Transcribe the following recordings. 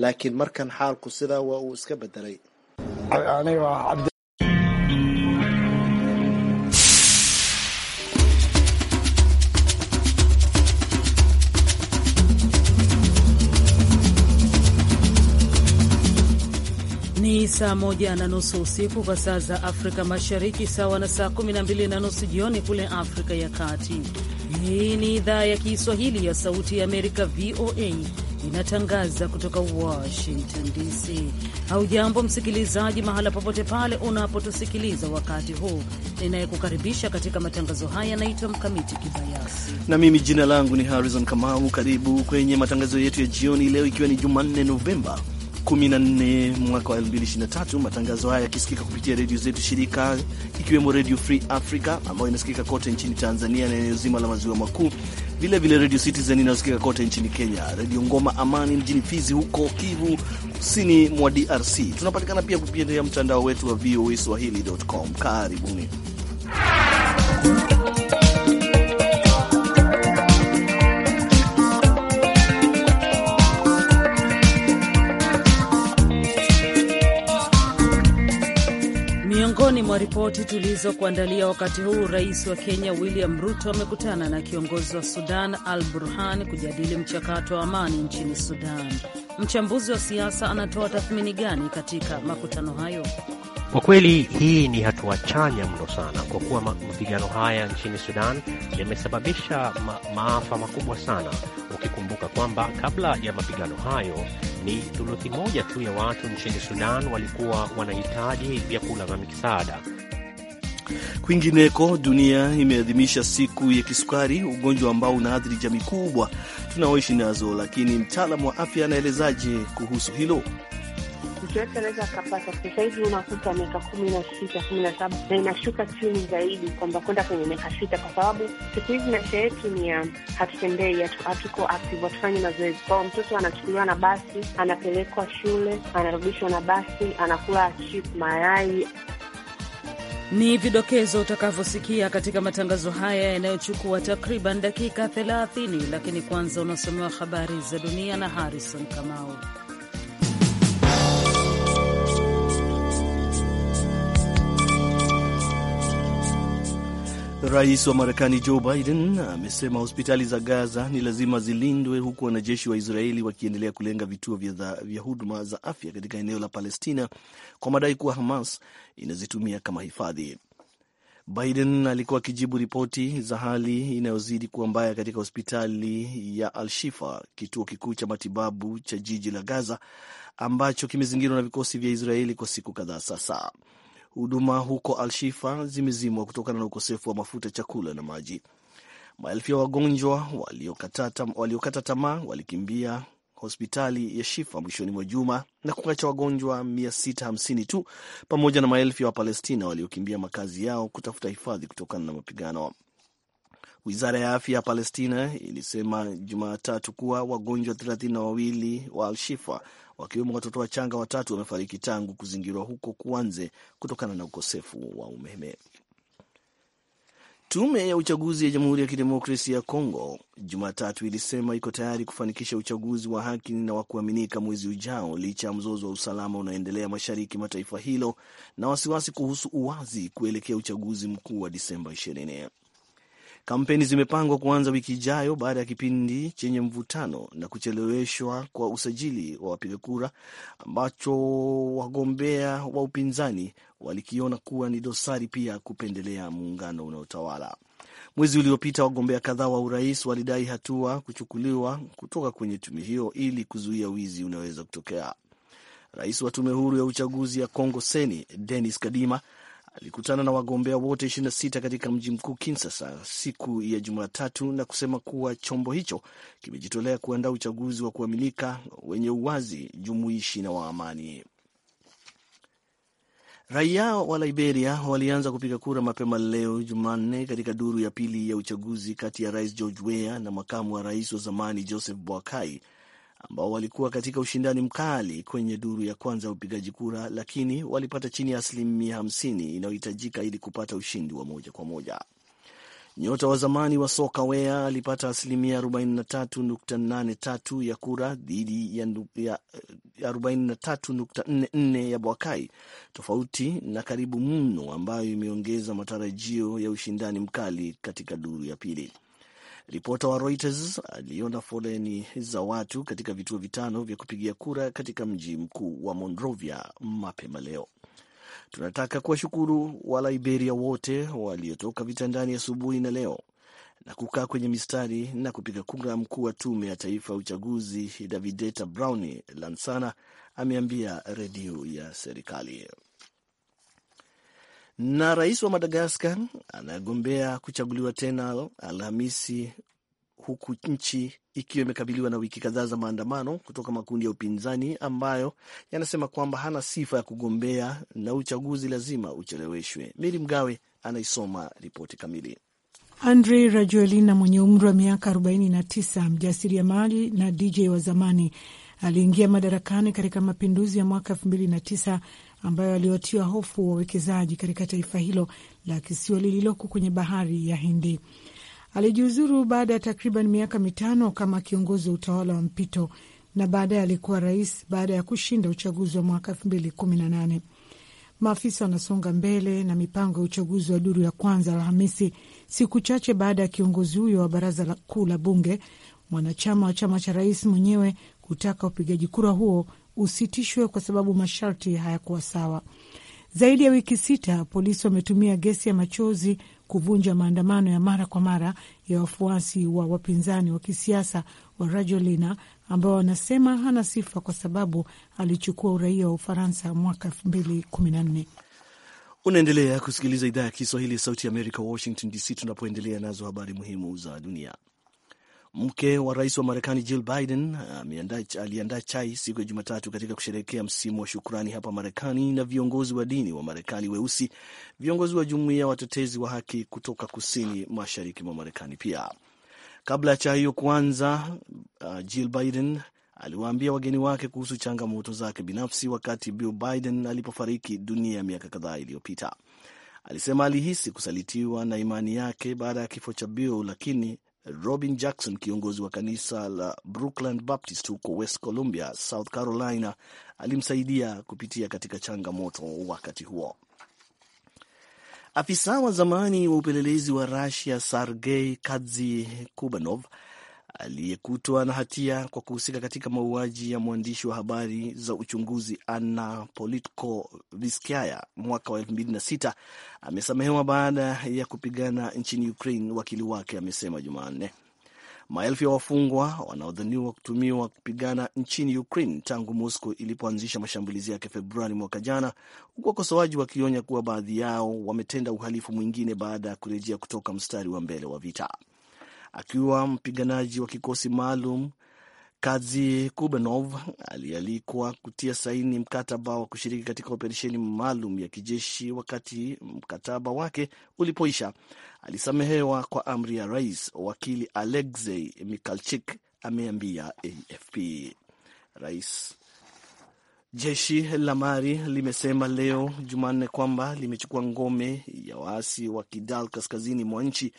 laakiin markan xaalku sidaa waa uu iska bedelay. Ni saa moja na nusu usiku kwa saa za Afrika Mashariki, sawa na saa kumi na mbili na nusu jioni kule Afrika ya Kati. Hii ni idhaa ya Kiswahili ya Sauti ya Amerika, VOA inatangaza kutoka Washington DC. Haujambo msikilizaji, mahala popote pale unapotusikiliza wakati huu. Ninayekukaribisha katika matangazo haya yanaitwa Mkamiti Kibayasi na mimi jina langu ni Harrison Kamau. Karibu kwenye matangazo yetu ya jioni leo, ikiwa ni Jumanne Novemba 14 mwaka wa 2023. Matangazo haya yakisikika kupitia redio zetu shirika ikiwemo Redio Free Africa ambayo inasikika kote nchini Tanzania na eneo zima la maziwa makuu vilevile Radio Citizen inayosikika kote nchini Kenya, Radio Ngoma Amani mjini Fizi huko Kivu kusini mwa DRC. Tunapatikana pia kupitia mtandao wetu wa VOA Swahili.com. Karibuni. mwa ripoti tulizokuandalia wakati huu, rais wa Kenya William Ruto amekutana na kiongozi wa Sudan Al Burhan kujadili mchakato wa amani nchini Sudan. Mchambuzi wa siasa anatoa tathmini gani katika makutano hayo? Kwa kweli hii ni hatua chanya mno sana, kwa kuwa mapigano haya nchini Sudan yamesababisha ma maafa makubwa sana, ukikumbuka kwamba kabla ya mapigano hayo ni thuluthi moja tu ya watu nchini Sudan walikuwa wanahitaji vyakula vya misaada. Kwingineko, dunia imeadhimisha siku ya kisukari, ugonjwa ambao unaathiri jamii kubwa tunaoishi nazo, lakini mtaalamu wa afya anaelezaje kuhusu hilo? mtu yote anaweza akapata. Sasa hivi unakuta miaka kumi na sita kumi na saba na inashuka chini zaidi, kwamba kwenda kwenye miaka sita, kwa sababu siku hizi maisha yetu ni ya um, hatutembei, hatuko active, hatufanyi mazoezi. Kwao mtoto anachukuliwa na basi, anapelekwa shule, anarudishwa na basi, anakula chip, mayai ni vidokezo utakavyosikia katika matangazo haya yanayochukua takriban dakika 30, lakini kwanza unasomewa habari za dunia na Harrison Kamau. Rais wa Marekani Joe Biden amesema hospitali za Gaza ni lazima zilindwe, huku wanajeshi wa Israeli wakiendelea kulenga vituo vya huduma za afya katika eneo la Palestina kwa madai kuwa Hamas inazitumia kama hifadhi. Biden alikuwa akijibu ripoti za hali inayozidi kuwa mbaya katika hospitali ya Al-Shifa, kituo kikuu cha matibabu cha jiji la Gaza ambacho kimezingirwa na vikosi vya Israeli kwa siku kadhaa sasa. Huduma huko Alshifa zimezimwa kutokana na ukosefu wa mafuta, chakula na maji. Maelfu ya wagonjwa waliokata tamaa walikimbia hospitali ya Shifa mwishoni mwa juma na kuacha wagonjwa 650 tu pamoja na maelfu ya Wapalestina waliokimbia makazi yao kutafuta hifadhi kutokana na mapigano. Wizara ya afya ya Palestina ilisema Jumatatu kuwa wagonjwa thelathini na wawili wa Alshifa, wakiwemo watoto wachanga watatu, wamefariki tangu kuzingirwa huko kuanze kutokana na ukosefu wa umeme. Tume ya uchaguzi ya Jamhuri ya Kidemokrasia ya Kongo Jumatatu ilisema iko tayari kufanikisha uchaguzi wa haki na wa kuaminika mwezi ujao licha ya mzozo wa usalama unaoendelea mashariki mwa taifa hilo na wasiwasi kuhusu uwazi kuelekea uchaguzi mkuu wa Disemba 20. Kampeni zimepangwa kuanza wiki ijayo baada ya kipindi chenye mvutano na kucheleweshwa kwa usajili wa wapiga kura ambacho wagombea wa upinzani walikiona kuwa ni dosari pia kupendelea muungano unaotawala. Mwezi uliopita wagombea kadhaa wa urais walidai hatua kuchukuliwa kutoka kwenye tume hiyo ili kuzuia wizi unaoweza kutokea. Rais wa tume huru ya uchaguzi ya congo Seni Denis Kadima alikutana na wagombea wote 26 katika mji mkuu Kinshasa siku ya Jumatatu na kusema kuwa chombo hicho kimejitolea kuandaa uchaguzi wa kuaminika wenye uwazi, jumuishi na wa amani. Raia wa Liberia walianza kupiga kura mapema leo Jumanne katika duru ya pili ya uchaguzi kati ya rais George Weah na makamu wa rais wa zamani Joseph Boakai ambao walikuwa katika ushindani mkali kwenye duru ya kwanza ya upigaji kura, lakini walipata chini ya asilimia hamsini inayohitajika ili kupata ushindi wa moja kwa moja. Nyota wa zamani wa soka Wea alipata asilimia 43.83 ya kura dhidi ya 43.44 ya Bwakai, tofauti na karibu mno ambayo imeongeza matarajio ya ushindani mkali katika duru ya pili. Ripota wa Reuters aliona foleni za watu katika vituo vitano vya kupigia kura katika mji mkuu wa Monrovia mapema leo. Tunataka kuwashukuru wa Liberia wote waliotoka vitandani asubuhi na leo na kukaa kwenye mistari na kupiga kura. Mkuu wa tume ya taifa ya uchaguzi Davideta browni Lansana ameambia redio ya serikali na rais wa Madagaskar anagombea kuchaguliwa tena Alhamisi, huku nchi ikiwa imekabiliwa na wiki kadhaa za maandamano kutoka makundi ya upinzani ambayo yanasema kwamba hana sifa ya kugombea na uchaguzi lazima ucheleweshwe. Meri Mgawe anaisoma ripoti kamili. Andre Rajoelina mwenye umri wa miaka 49 mjasiriamali na DJ wa zamani aliingia madarakani katika mapinduzi ya mwaka 2009 ambayo aliwatia hofu wawekezaji katika taifa hilo la kisiwa lililoko kwenye bahari ya Hindi. Alijiuzuru baada ya takriban miaka mitano kama kiongozi wa utawala wa mpito na baadaye alikuwa rais baada ya kushinda uchaguzi wa mwaka elfu mbili kumi na nane. Maafisa wanasonga mbele na mipango ya uchaguzi wa duru ya kwanza Alhamisi, siku chache baada ya kiongozi huyo wa baraza kuu la bunge, mwanachama wa chama cha rais mwenyewe, kutaka upigaji kura huo usitishwe kwa sababu masharti hayakuwa sawa. Zaidi ya wiki sita, polisi wametumia gesi ya machozi kuvunja maandamano ya mara kwa mara ya wafuasi wa wapinzani wa kisiasa wa Rajolina ambao wanasema hana sifa kwa sababu alichukua uraia wa Ufaransa mwaka nne. Unaendelea kusikiliza idhaa ya Kiswahili ya Sauti ya Amerika, Washington DC, tunapoendelea nazo habari muhimu za dunia. Mke wa rais wa Marekani Jill Biden uh, aliandaa chai siku ya Jumatatu katika kusherehekea msimu wa shukrani hapa Marekani na viongozi wa dini wa Marekani weusi, viongozi wa jumuiya watetezi wa haki kutoka kusini mashariki mwa Marekani. Pia kabla ya chai hiyo kuanza, uh, Jill Biden aliwaambia wageni wake kuhusu changamoto zake binafsi wakati Bill Biden alipofariki dunia ya miaka kadhaa iliyopita. Alisema alihisi kusalitiwa na imani yake baada ya kifo cha Bill, lakini Robin Jackson, kiongozi wa kanisa la Brookland Baptist huko West Columbia, South Carolina, alimsaidia kupitia katika changamoto wakati huo. Afisa wa zamani wa upelelezi wa Rusia Sergei kadzi Kubanov aliyekutwa na hatia kwa kuhusika katika mauaji ya mwandishi wa habari za uchunguzi Anna Politkovskaya mwaka wa sita amesamehewa baada ya kupigana nchini Ukraine, wakili wake amesema Jumanne. Maelfu ya wafungwa wanaodhaniwa kutumiwa kupigana nchini Ukraine tangu Moscow ilipoanzisha mashambulizi yake Februari mwaka jana, huku wakosoaji wakionya kuwa baadhi yao wametenda uhalifu mwingine baada ya kurejea kutoka mstari wa mbele wa vita akiwa mpiganaji wa kikosi maalum Kazi Kubenov alialikwa kutia saini mkataba wa kushiriki katika operesheni maalum ya kijeshi. Wakati mkataba wake ulipoisha, alisamehewa kwa amri ya rais. Wakili Alexei Mikalchik ameambia AFP. Rais jeshi la Mali limesema leo Jumanne kwamba limechukua ngome ya waasi wa Kidal kaskazini mwa nchi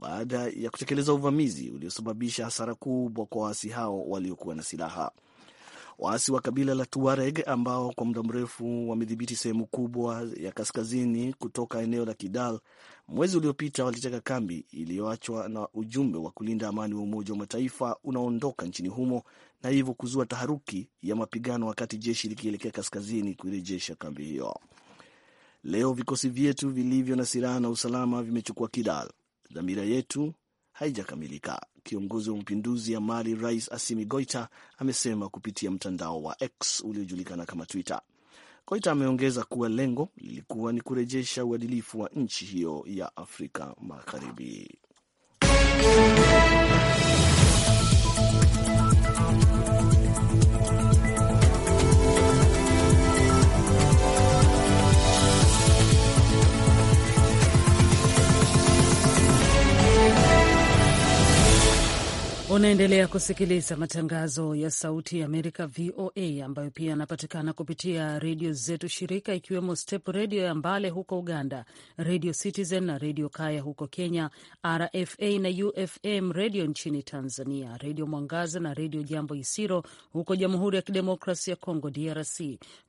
baada ya kutekeleza uvamizi uliosababisha hasara kubwa kwa waasi hao waliokuwa na silaha. Waasi wa kabila la Tuareg ambao kwa muda mrefu wamedhibiti sehemu kubwa ya kaskazini kutoka eneo la Kidal, mwezi uliopita waliteka kambi iliyoachwa na ujumbe wa kulinda amani wa Umoja wa Mataifa unaoondoka nchini humo na hivyo kuzua taharuki ya mapigano, wakati jeshi likielekea kaskazini kuirejesha kambi hiyo. Leo vikosi vyetu vilivyo na silaha na usalama vimechukua Kidal dhamira yetu haijakamilika, kiongozi wa mapinduzi ya Mali Rais asimi Goita amesema kupitia mtandao wa X uliojulikana kama Twitter. Goita ameongeza kuwa lengo lilikuwa ni kurejesha uadilifu wa nchi hiyo ya Afrika Magharibi. Unaendelea kusikiliza matangazo ya Sauti ya Amerika, VOA, ambayo pia yanapatikana kupitia redio zetu shirika, ikiwemo Step Redio ya Mbale huko Uganda, Redio Citizen na Redio Kaya huko Kenya, RFA na UFM Redio nchini Tanzania, Redio Mwangaza na Redio Jambo Isiro huko Jamhuri ya Kidemokrasi ya Kongo, DRC.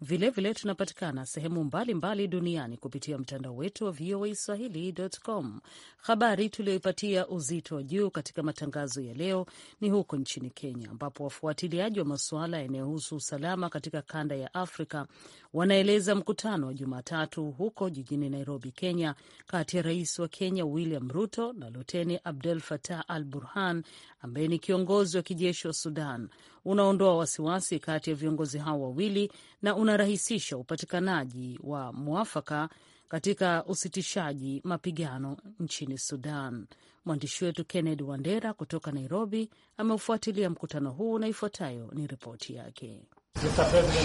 Vilevile vile tunapatikana sehemu mbalimbali mbali duniani kupitia mtandao wetu wa VOA Swahili.com. Habari tuliyoipatia uzito wa juu katika matangazo ya leo ni huko nchini Kenya, ambapo wafuatiliaji wa masuala yanayohusu usalama katika kanda ya Afrika wanaeleza mkutano wa Jumatatu huko jijini Nairobi, Kenya, kati ya rais wa Kenya William Ruto na Luteni Abdel Fattah al Burhan ambaye ni kiongozi wa kijeshi wa Sudan unaondoa wasiwasi kati ya viongozi hao wawili na unarahisisha upatikanaji wa mwafaka katika usitishaji mapigano nchini Sudan. Mwandishi wetu Kennedy Wandera kutoka Nairobi ameufuatilia mkutano huu na ifuatayo ni ripoti yake. Mr.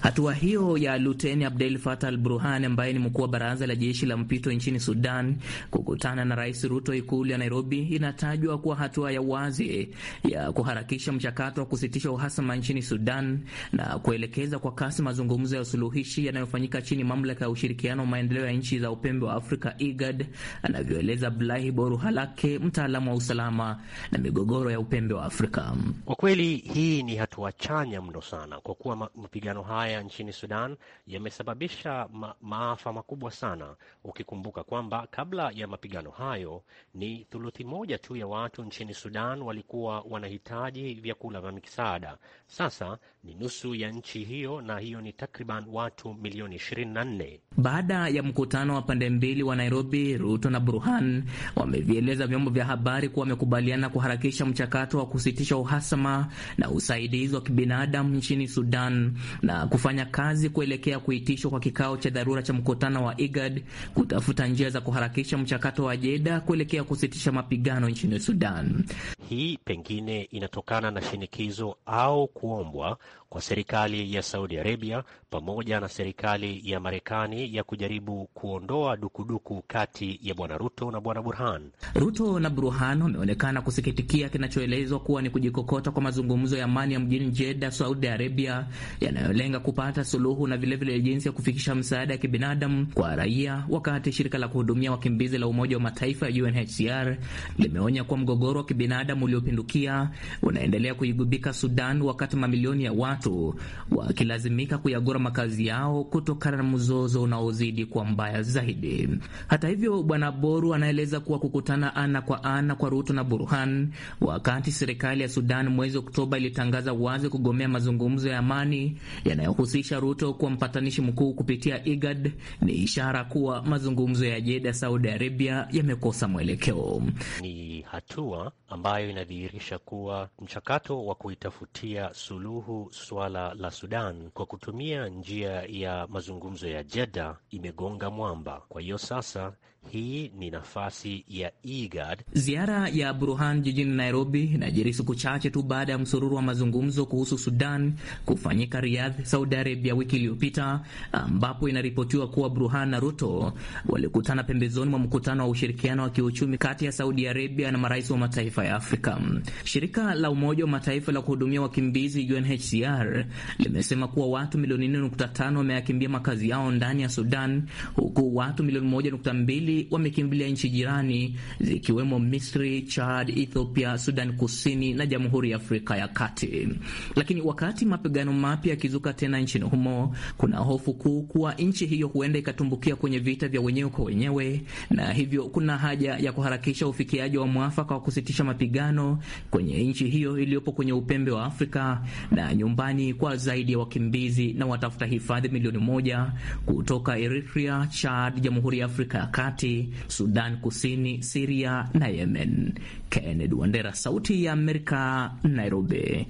Hatua hiyo ya Luteni Abdel Fatah al Burhan, ambaye ni mkuu wa baraza la jeshi la mpito nchini Sudan, kukutana na Rais Ruto ikulu ya Nairobi, inatajwa kuwa hatua ya wazi ya kuharakisha mchakato wa kusitisha uhasama nchini Sudan na kuelekeza kwa kasi mazungumzo ya usuluhishi yanayofanyika chini mamlaka ya ushirikiano wa maendeleo ya nchi za upembe wa Afrika, IGAD, anavyoeleza Blahi Boru Halake, mtaalamu wa usalama na migogoro ya upembe wa Afrika. Kwa kweli hii ni hatua chanya mno sana, kwa kuwa mapigano haya haya nchini Sudan yamesababisha ma maafa makubwa sana, ukikumbuka kwamba kabla ya mapigano hayo ni thuluthi moja tu ya watu nchini Sudan walikuwa wanahitaji vyakula vya misaada. Sasa ni nusu ya nchi hiyo, na hiyo ni takriban watu milioni 24. Baada ya mkutano wa pande mbili wa Nairobi, Ruto na Burhan wamevieleza vyombo vya habari kuwa wamekubaliana kuharakisha mchakato wa kusitisha uhasama na usaidizi wa kibinadamu nchini Sudan na kufanya kazi kuelekea kuitishwa kwa kikao cha dharura cha mkutano wa IGAD kutafuta njia za kuharakisha mchakato wa Jeda kuelekea kusitisha mapigano nchini Sudan. Hii pengine inatokana na shinikizo au kuombwa kwa serikali ya Saudi Arabia pamoja na serikali ya Marekani ya kujaribu kuondoa dukuduku kati ya Bwana Ruto na Bwana Burhan. Ruto na Burhan wameonekana kusikitikia kinachoelezwa kuwa ni kujikokota kwa mazungumzo ya amani ya mjini Jeddah, Saudi Arabia, yanayolenga kupata suluhu na vilevile vile jinsi ya kufikisha msaada ya kibinadamu kwa raia, wakati shirika la kuhudumia wakimbizi la Umoja wa Mataifa ya UNHCR limeonya kuwa mgogoro wa kibinadamu uliopindukia unaendelea kuigubika Sudan, wakati mamilioni ya watu watu wakilazimika kuyagura makazi yao kutokana na mzozo unaozidi kwa mbaya zaidi. Hata hivyo, Bwana Boru anaeleza kuwa kukutana ana kwa ana kwa Ruto na Burhan wakati serikali ya Sudan mwezi Oktoba ilitangaza wazi kugomea mazungumzo ya amani yanayohusisha Ruto kuwa mpatanishi mkuu kupitia IGAD ni ishara kuwa mazungumzo ya Jeda, Saudi Arabia, yamekosa mwelekeo. Ni hatua ambayo inadhihirisha kuwa mchakato wa kuitafutia suluhu suala la Sudan kwa kutumia njia ya mazungumzo ya Jeddah imegonga mwamba. Kwa hiyo sasa hii ni nafasi ya IGAD. Ziara ya Burhan jijini Nairobi inajiri siku chache tu baada ya msururu wa mazungumzo kuhusu Sudan kufanyika Riyadh, Saudi Arabia, wiki iliyopita, ambapo inaripotiwa kuwa Burhan na Ruto walikutana pembezoni mwa mkutano wa ushirikiano wa kiuchumi kati ya Saudi Arabia na marais wa mataifa ya Afrika. Shirika la Umoja wa Mataifa la kuhudumia wakimbizi UNHCR limesema kuwa watu milioni 4.5 wameyakimbia makazi yao ndani ya Sudan, huku watu milioni 1.2 wamekimbilia nchi jirani zikiwemo Misri, Chad, Ethiopia, Sudan Kusini na Jamhuri ya Afrika ya Kati. Lakini wakati mapigano mapya yakizuka tena nchini humo, kuna hofu kuu kuwa nchi hiyo huenda ikatumbukia kwenye vita vya wenyewe kwa wenyewe, na hivyo kuna haja ya kuharakisha ufikiaji wa mwafaka wa kusitisha mapigano kwenye nchi hiyo iliyopo kwenye upembe wa Afrika na nyumbani kwa zaidi ya wakimbizi na watafuta hifadhi milioni moja kutoka Eritrea, Chad, Jamhuri ya Afrika ya Kati kati, Sudan Kusini, Siria na Yemen. Kennedy Wandera, Sauti ya Amerika, Nairobi.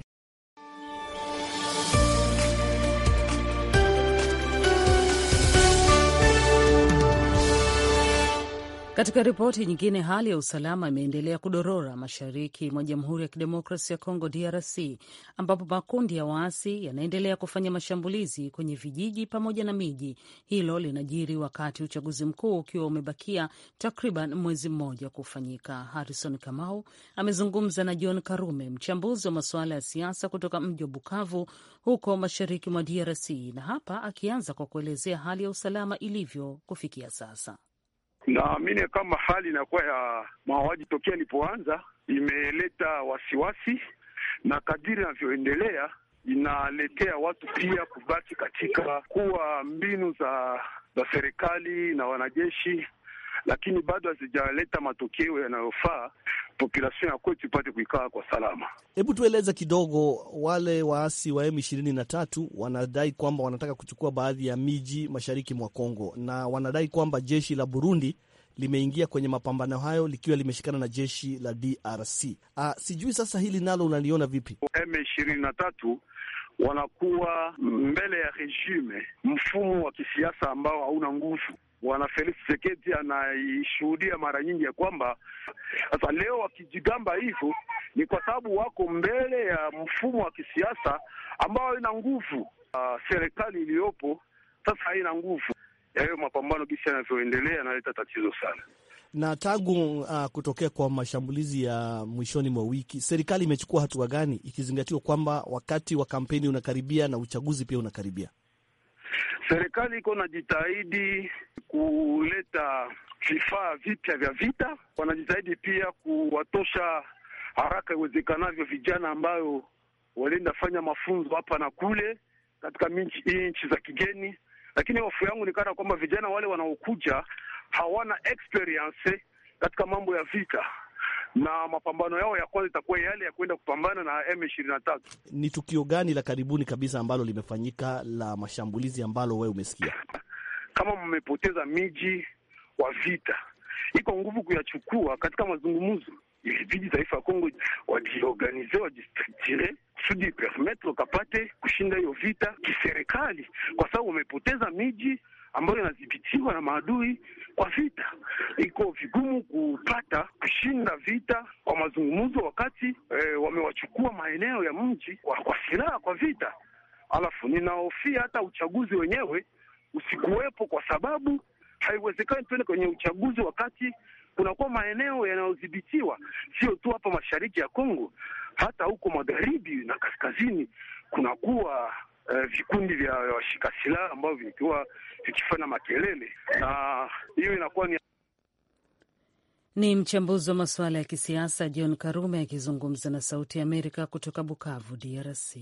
Katika ripoti nyingine, hali ya usalama imeendelea kudorora mashariki mwa Jamhuri ya Kidemokrasi ya Kongo, DRC, ambapo makundi ya waasi yanaendelea kufanya mashambulizi kwenye vijiji pamoja na miji. Hilo linajiri wakati uchaguzi mkuu ukiwa umebakia takriban mwezi mmoja kufanyika. Harrison Kamau amezungumza na John Karume, mchambuzi wa masuala ya siasa kutoka mji wa Bukavu huko mashariki mwa DRC, na hapa akianza kwa kuelezea hali ya usalama ilivyo kufikia sasa. Naamini kama hali inakuwa ya mauaji tokea ilipoanza imeleta wasiwasi, na kadiri inavyoendelea inaletea watu pia kubaki katika kuwa mbinu za za serikali na wanajeshi lakini bado hazijaleta matokeo yanayofaa population ya kwetu ipate kuikaa kwa salama. Hebu tueleze kidogo, wale waasi wa M ishirini na tatu wanadai kwamba wanataka kuchukua baadhi ya miji mashariki mwa Kongo na wanadai kwamba jeshi la Burundi limeingia kwenye mapambano hayo likiwa limeshikana na jeshi la DRC. Ah, sijui sasa hili nalo unaliona vipi? m tatu wanakuwa mbele ya regime, mfumo wa kisiasa ambao hauna nguvu Bwana Felix Tshisekedi anaishuhudia mara nyingi ya kwamba sasa leo wakijigamba hivyo ni kwa sababu wako mbele ya mfumo wa kisiasa ambao ina nguvu. Uh, serikali iliyopo sasa haina nguvu. yayo mapambano gisi yanavyoendelea yanaleta tatizo sana na tangu uh, kutokea kwa mashambulizi ya mwishoni mwa wiki, serikali imechukua hatua gani, ikizingatiwa kwamba wakati wa kampeni unakaribia na uchaguzi pia unakaribia? Serikali iko najitahidi kuleta vifaa vipya vya vita, wanajitahidi pia kuwatosha haraka iwezekanavyo vijana ambayo walienda fanya mafunzo hapa na kule katika nchi za kigeni, lakini hofu yangu ni kana kwamba vijana wale wanaokuja hawana experience katika mambo ya vita na mapambano yao ya kwanza itakuwa yale ya kwenda kupambana na M23. Ni tukio gani la karibuni kabisa ambalo limefanyika la mashambulizi ambalo wewe umesikia? Kama mmepoteza miji wa vita, iko nguvu kuyachukua katika mazungumzo ilibidi taifa ya Kongo wajiorganize wajistructure kusudi permetre kapate kushinda hiyo vita kiserikali, kwa sababu wamepoteza miji ambayo inadhibitiwa na maadui kwa vita. Iko vigumu kupata kushinda vita kwa mazungumzo, wakati e, wamewachukua maeneo ya mji kwa, kwa silaha kwa vita. Alafu ninahofia hata uchaguzi wenyewe usikuwepo, kwa sababu haiwezekani tuende kwenye uchaguzi wakati kunakuwa maeneo yanayodhibitiwa, sio tu hapa mashariki ya Kongo, hata huko magharibi na kaskazini kunakuwa Eh, vikundi vya washika silaha ambavyo vikiwa vikifanya makelele, na hiyo inakuwa ni ni mchambuzi wa masuala ya kisiasa John Karume akizungumza na Sauti ya Amerika kutoka Bukavu, DRC.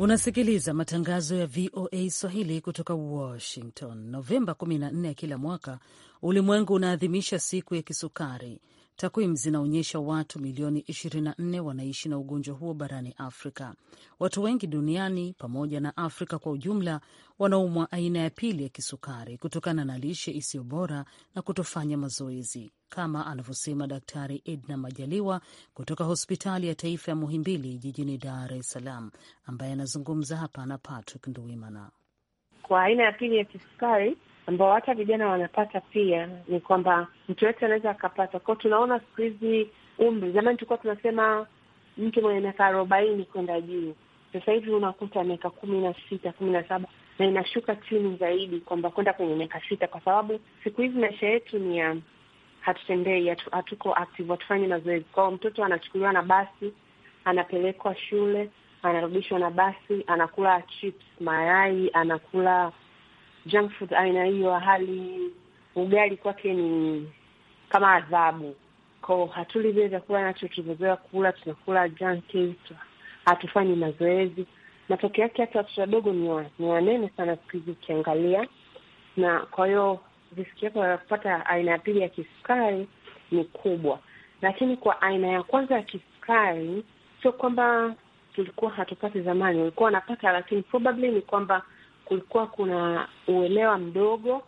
Unasikiliza matangazo ya VOA Swahili kutoka Washington. Novemba 14 ya kila mwaka ulimwengu unaadhimisha siku ya kisukari Takwimu zinaonyesha watu milioni 24 wanaishi na ugonjwa huo barani Afrika. Watu wengi duniani pamoja na Afrika kwa ujumla wanaumwa aina ya pili ya kisukari kutokana na lishe isiyo bora na kutofanya mazoezi, kama anavyosema Daktari Edna Majaliwa kutoka hospitali ya taifa ya Muhimbili jijini Dar es Salaam, ambaye anazungumza hapa na Patrick Nduwimana. Kwa aina ya pili ya kisukari ambao hata vijana wanapata pia, ni kwamba mtu yote anaweza akapata kwao. Tunaona siku hizi umri, zamani tulikuwa tunasema mtu mwenye miaka arobaini kwenda juu, sasa hivi unakuta miaka kumi na sita kumi na saba na inashuka chini zaidi, kwamba kwenda kwenye miaka sita, kwa sababu siku hizi maisha yetu ni ya um, hatutembei, hatuko active, hatufanyi mazoezi. Kwao mtoto anachukuliwa na basi, anapelekwa shule, anarudishwa na basi, anakula chips, mayai, anakula junk food aina hiyo hali ugali kwake ni kama adhabu ko hatuli vile vyakula nacho tulivyozoea kula, tunakula junki, hatufanyi mazoezi. Matokeo yake hata watoto wadogo ni wanene sana siku hizi ukiangalia, na kwa hiyo risiki yako ya kupata aina ya pili ya kisukari ni kubwa. Lakini kwa aina ya kwanza ya kisukari sio kwamba tulikuwa hatupati zamani, walikuwa wanapata, lakini probably ni kwamba kulikuwa kuna uelewa mdogo,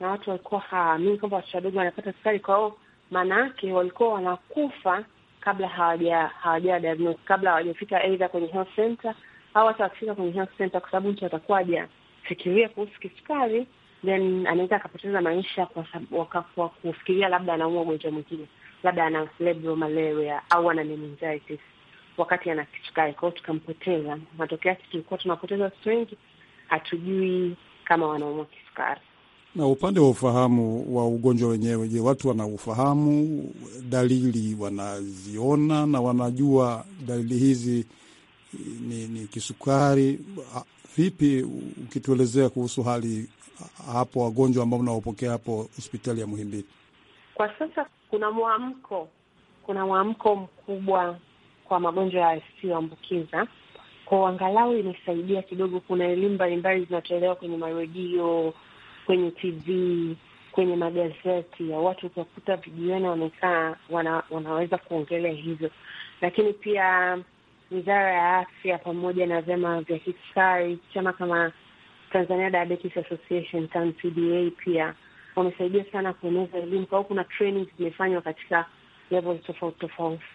na watu walikuwa hawaamini kwamba watoto wadogo wanapata sukari. Kwa hiyo maana yake walikuwa wanakufa kabla hawaja hawaja kabla hawajafika aidha kwenye health center au hata wakifika kwenye health center, kwa sababu mtu atakuwa hajafikiria kuhusu kisukari, then anaweza akapoteza maisha kwa kwa kufikiria labda anaumwa ugonjwa mwingine, labda ana cerebral malaria au ana meningitis wakati ana kisukari, kwa hiyo tukampoteza. Matokeo yake tulikuwa tunapoteza watoto wengi hatujui kama wanaumwa kisukari. Na upande wa ufahamu wa ugonjwa wenyewe, je, watu wanaufahamu? Dalili wanaziona na wanajua dalili hizi ni, ni kisukari? Vipi ukituelezea kuhusu hali hapo, wagonjwa ambao mnawapokea hapo hospitali ya Muhimbili kwa sasa? Kuna mwamko, kuna mwamko mkubwa kwa magonjwa yasiyoambukiza kwao, angalau imesaidia kidogo. Kuna elimu mbalimbali zinatolewa kwenye maredio, kwenye TV, kwenye magazeti ya watu, ukiwakuta vijiweni wamekaa wana, wanaweza kuongelea hivyo, lakini pia Wizara ya Afya pamoja na vyama vya kisukari chama kama Tanzania Diabetes Association TDA pia wamesaidia sana kueneza elimu. Kwa hiyo kuna training zimefanywa katika level tofauti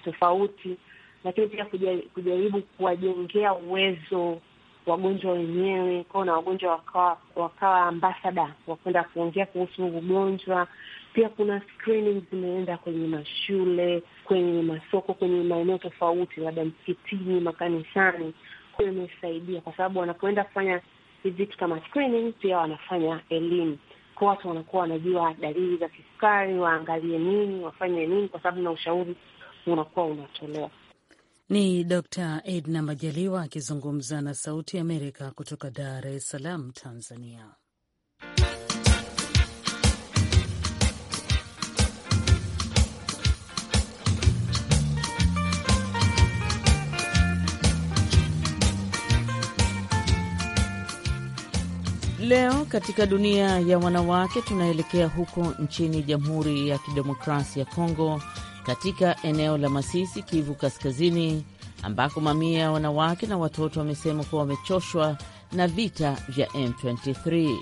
tofauti lakini pia kujaribu kuwajengea uwezo wagonjwa wenyewe kwao, na wagonjwa wakawa ambasada wa kwenda kuongea kuhusu ugonjwa. Pia kuna screening zimeenda kwenye mashule, kwenye masoko, kwenye maeneo tofauti, labda msikitini, makanisani. Hiyo imesaidia kwa sababu wanapoenda kufanya vitu kama screening, pia wanafanya elimu kwa watu, wanakuwa wanajua dalili za kisukari, waangalie nini, wafanye nini, kwa sababu na ushauri unakuwa unatolewa. Ni Dr Edna Majaliwa akizungumza na Sauti Amerika kutoka Dar es Salaam, Tanzania. Leo katika dunia ya wanawake tunaelekea huko nchini Jamhuri ya Kidemokrasia ya Kongo katika eneo la Masisi, Kivu Kaskazini, ambako mamia ya wanawake na watoto wamesema kuwa wamechoshwa na vita vya M23.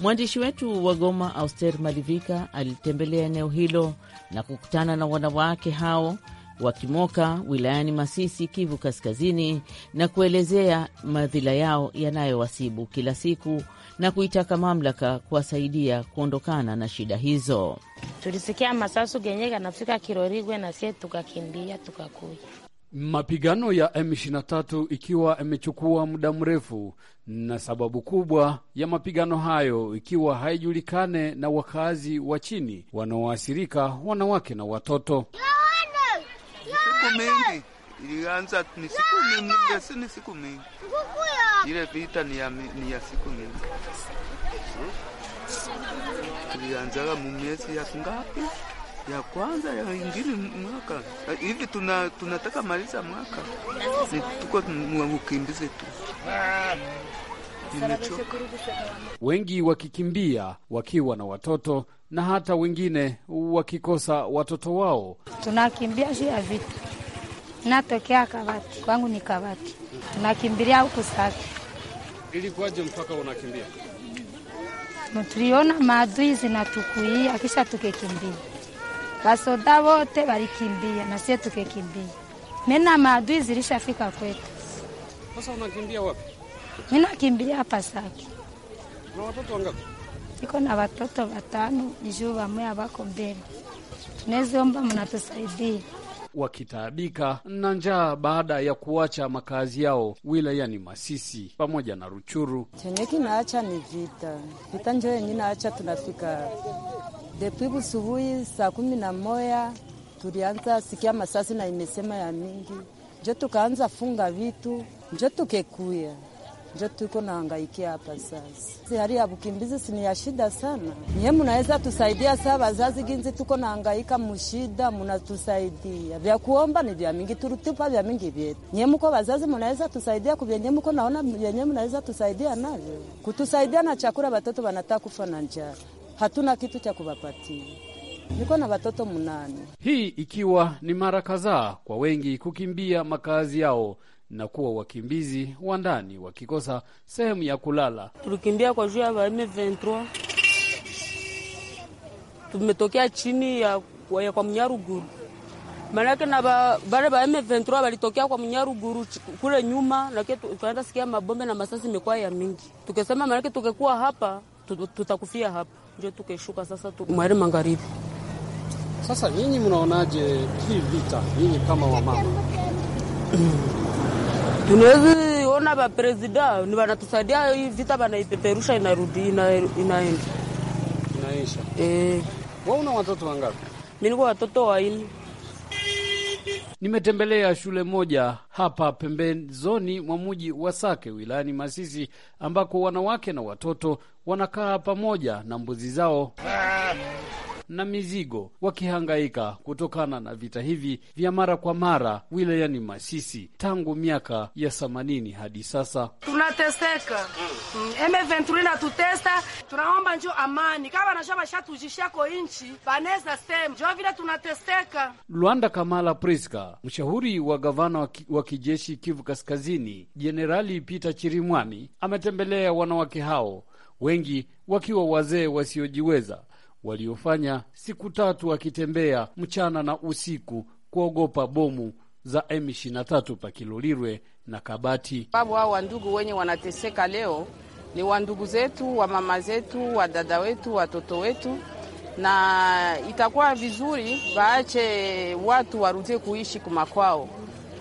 Mwandishi wetu wa Goma, Auster Malivika, alitembelea eneo hilo na kukutana na wanawake hao wa Kimoka wilayani Masisi, Kivu Kaskazini, na kuelezea madhila yao yanayowasibu kila siku na kuitaka mamlaka kuwasaidia kuondokana na shida hizo. Tulisikia masasu genye kanafika Kirorigwe na sie tukakimbia tukakuja. Mapigano ya M23 ikiwa imechukua muda mrefu, na sababu kubwa ya mapigano hayo ikiwa haijulikane na wakazi wa chini wanaoathirika, wanawake na watoto siku mingi ilianza, ni siku mingi, ni siku mingi, ile vita ni ya, ni ya siku mingi tulianzaga mu ya ngapi? Ya kwanza ya ingine mwaka hivi, tuna tunataka maliza mwaka, ni tuko mu tu Nimecho. Wengi wakikimbia wakiwa na watoto na hata wengine wakikosa watoto wao. Tunakimbia si ya vitu, natokea Kabati, kwangu ni Kabati, tunakimbilia huku safi. Ilikuwaje mpaka unakimbia? Tuliona maadui zinatukuia, kisha tukikimbia, basoda wote walikimbia na sie tukikimbia, mena maadui zilishafika kwetu. Sasa unakimbia wapi? Mimi nakimbia hapa Sake. Una watoto wangapi? Niko na watoto watano, juu wamwe wako mbele. omba mnatusaidia wakitaabika na njaa baada ya kuacha makazi yao wilayani Masisi pamoja na Ruchuru. Chenye kinaacha ni vita, vita njo yenye naacha. Tunafika depuis busubuhi saa kumi na moya tulianza sikia masasi na imesema ya mingi, njo tukaanza funga vitu, njo tukekuya njo tuko nahangaikia hapa sasa. Hali ya bukimbizi sini ya shida sana, niye munaweza tusaidia saa vazazi ginzi tuko nahangaika mushida, munatusaidia vya kuomba ni vya mingi, turutupa vya mingi vyetu. Niye muko vazazi munaweza tusaidia kuvyenye muko naona vyenye munaweza tusaidia navyo, kutusaidia na chakula. Vatoto vanataka kufa na njara, hatuna kitu cha kuvapatia. Niko na watoto munani. Hii ikiwa ni mara kadhaa kwa wengi kukimbia makazi yao na kuwa wakimbizi wa ndani wakikosa sehemu ya kulala. Tulikimbia kwa juu ya M23, tumetokea chini ya, ya kwa Mnyaruguru maanake na bale ba M23 balitokea kwa Mnyaruguru kule nyuma, lakini tukaenda sikia mabombe na masasi mekwa ya mingi, tukesema maanake tukekuwa hapa tutakufia hapa, ndio tukeshuka sasa mwari magharibi. Sasa nyinyi mnaonaje hii vita, nyinyi kama wamama? Tunawezi ona vapresida ni wanatusaidia, hii vita wanaipeperusha, inarudi inaenda inaisha. Eh, wewe una watoto wangapi? Mimi niko watoto waini. Nimetembelea shule moja hapa pembezoni mwa mji wa Sake wilayani Masisi, ambako wanawake na watoto wanakaa pamoja na mbuzi zao na mizigo wakihangaika kutokana na vita hivi vya mara kwa mara wilayani Masisi tangu miaka ya themanini hadi sasa. Tunateseka M23 mm. natutesa, tunaomba njo amani kama nasha bashatujishako inchi baneza sem jo vile tunateseka. Luanda Kamala Priska, mshauri wa gavana wa, kijeshi Kivu Kaskazini Jenerali Peter Chirimwani ametembelea wanawake hao wengi wakiwa wazee wasiojiweza waliofanya siku tatu wakitembea mchana na usiku kuogopa bomu za M23 Pakilolirwe na Kabati. Babu hao wandugu wenye wanateseka leo ni wandugu zetu, wa mama zetu, wa dada wetu, watoto wetu, na itakuwa vizuri baache watu warudie kuishi kumakwao,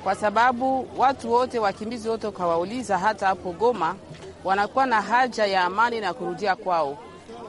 kwa sababu watu wote, wakimbizi wote, ukawauliza hata hapo Goma, wanakuwa na haja ya amani na kurudia kwao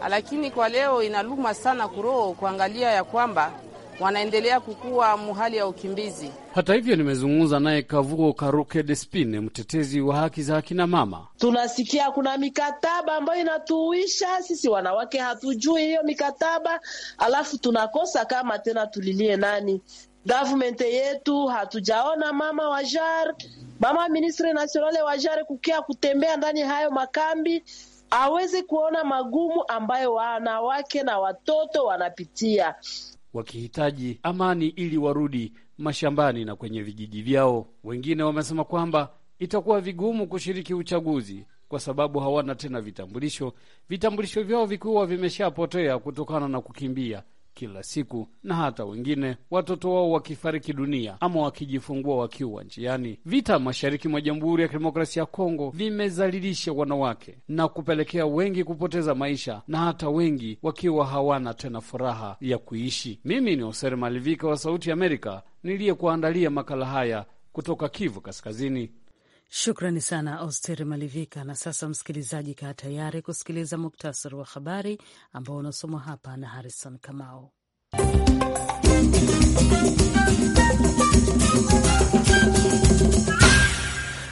lakini kwa leo inaluma sana kuroho kuangalia ya kwamba wanaendelea kukuwa muhali ya ukimbizi. Hata hivyo, nimezungumza naye Kavuo Karuke Despine, mtetezi wa haki za akina mama. Tunasikia kuna mikataba ambayo inatuisha sisi wanawake, hatujui hiyo mikataba, alafu tunakosa kama tena tulilie nani? Government yetu hatujaona mama wajar, mama ministre nationale wajar kukia kutembea ndani hayo makambi hawezi kuona magumu ambayo wanawake na watoto wanapitia, wakihitaji amani ili warudi mashambani na kwenye vijiji vyao. Wengine wamesema kwamba itakuwa vigumu kushiriki uchaguzi kwa sababu hawana tena vitambulisho, vitambulisho vyao vikuwa vimeshapotea kutokana na kukimbia kila siku, na hata wengine watoto wao wakifariki dunia ama wakijifungua wakiwa njiani. Vita mashariki mwa Jamhuri ya Kidemokrasia ya Kongo vimezalilisha wanawake na kupelekea wengi kupoteza maisha na hata wengi wakiwa hawana tena furaha ya kuishi. Mimi ni Hoser Malivika wa Sauti ya Amerika niliyekuandalia makala haya kutoka Kivu Kaskazini. Shukrani sana auster Malivika. Na sasa, msikilizaji, kaa tayari kusikiliza muktasari wa habari ambao unasomwa hapa na Harrison Kamau.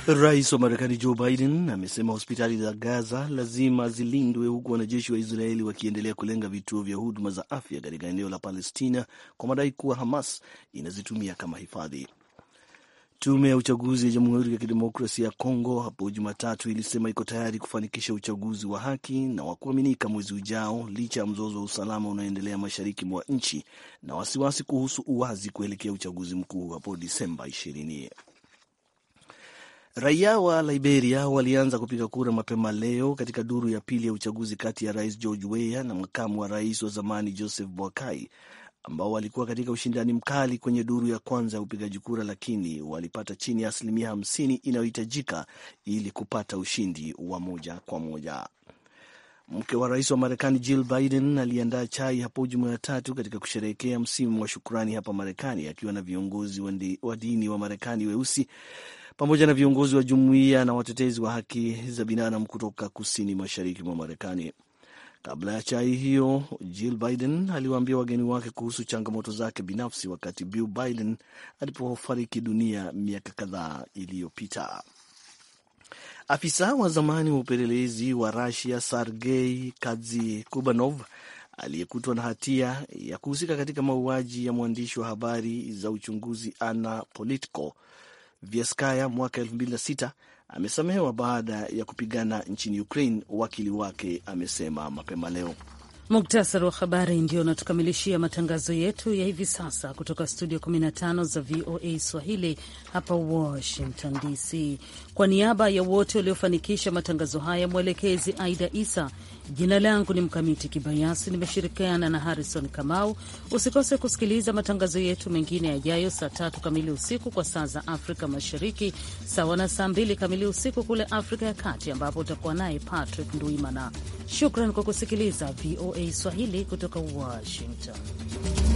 Rais wa Marekani Joe Biden amesema hospitali za Gaza lazima zilindwe huku wanajeshi wa Israeli wakiendelea kulenga vituo vya huduma za afya katika eneo la Palestina kwa madai kuwa Hamas inazitumia kama hifadhi. Tume ya uchaguzi ya Jamhuri ya Kidemokrasia ya Kongo hapo Jumatatu ilisema iko tayari kufanikisha uchaguzi wa haki na wa kuaminika mwezi ujao, licha ya mzozo wa usalama unaoendelea mashariki mwa nchi na wasiwasi kuhusu uwazi kuelekea uchaguzi mkuu hapo Disemba ishirini. Raia wa Liberia walianza kupiga kura mapema leo katika duru ya pili ya uchaguzi kati ya rais George Weah na makamu wa rais wa zamani Joseph Boakai ambao walikuwa katika ushindani mkali kwenye duru ya kwanza ya upigaji kura, lakini walipata chini ya asilimia hamsini inayohitajika ili kupata ushindi wa moja kwa moja. Mke wa rais wa Marekani Jill Biden aliandaa chai hapo Jumatatu katika kusherehekea msimu wa shukrani hapa Marekani, akiwa na viongozi wa dini wa Marekani weusi pamoja na viongozi wa jumuiya na watetezi wa haki za binadamu kutoka kusini mashariki mwa Marekani. Kabla ya chai hiyo, Jill Biden aliwaambia wageni wake kuhusu changamoto zake binafsi wakati Bill Biden alipofariki dunia miaka kadhaa iliyopita. Afisa wa zamani wa upelelezi wa Rusia Sergei kubanov aliyekutwa na hatia ya kuhusika katika mauaji ya mwandishi wa habari za uchunguzi Anna Politko Vyaskaya mwaka 2006 amesamehewa baada ya kupigana nchini Ukraine, wakili wake amesema mapema leo. Muktasari wa habari ndio unatukamilishia matangazo yetu ya hivi sasa kutoka studio 15 za VOA Swahili hapa Washington DC. Kwa niaba ya wote waliofanikisha matangazo haya, mwelekezi Aida Isa, jina langu ni Mkamiti Kibayasi, nimeshirikiana na Harrison Kamau. Usikose kusikiliza matangazo yetu mengine yajayo saa tatu kamili usiku kwa saa za Afrika Mashariki, sawa na saa mbili kamili usiku kule Afrika ya Kati, ambapo utakuwa naye Patrick Ndwimana. Shukran kwa kusikiliza VOA VOA Swahili kutoka Washington.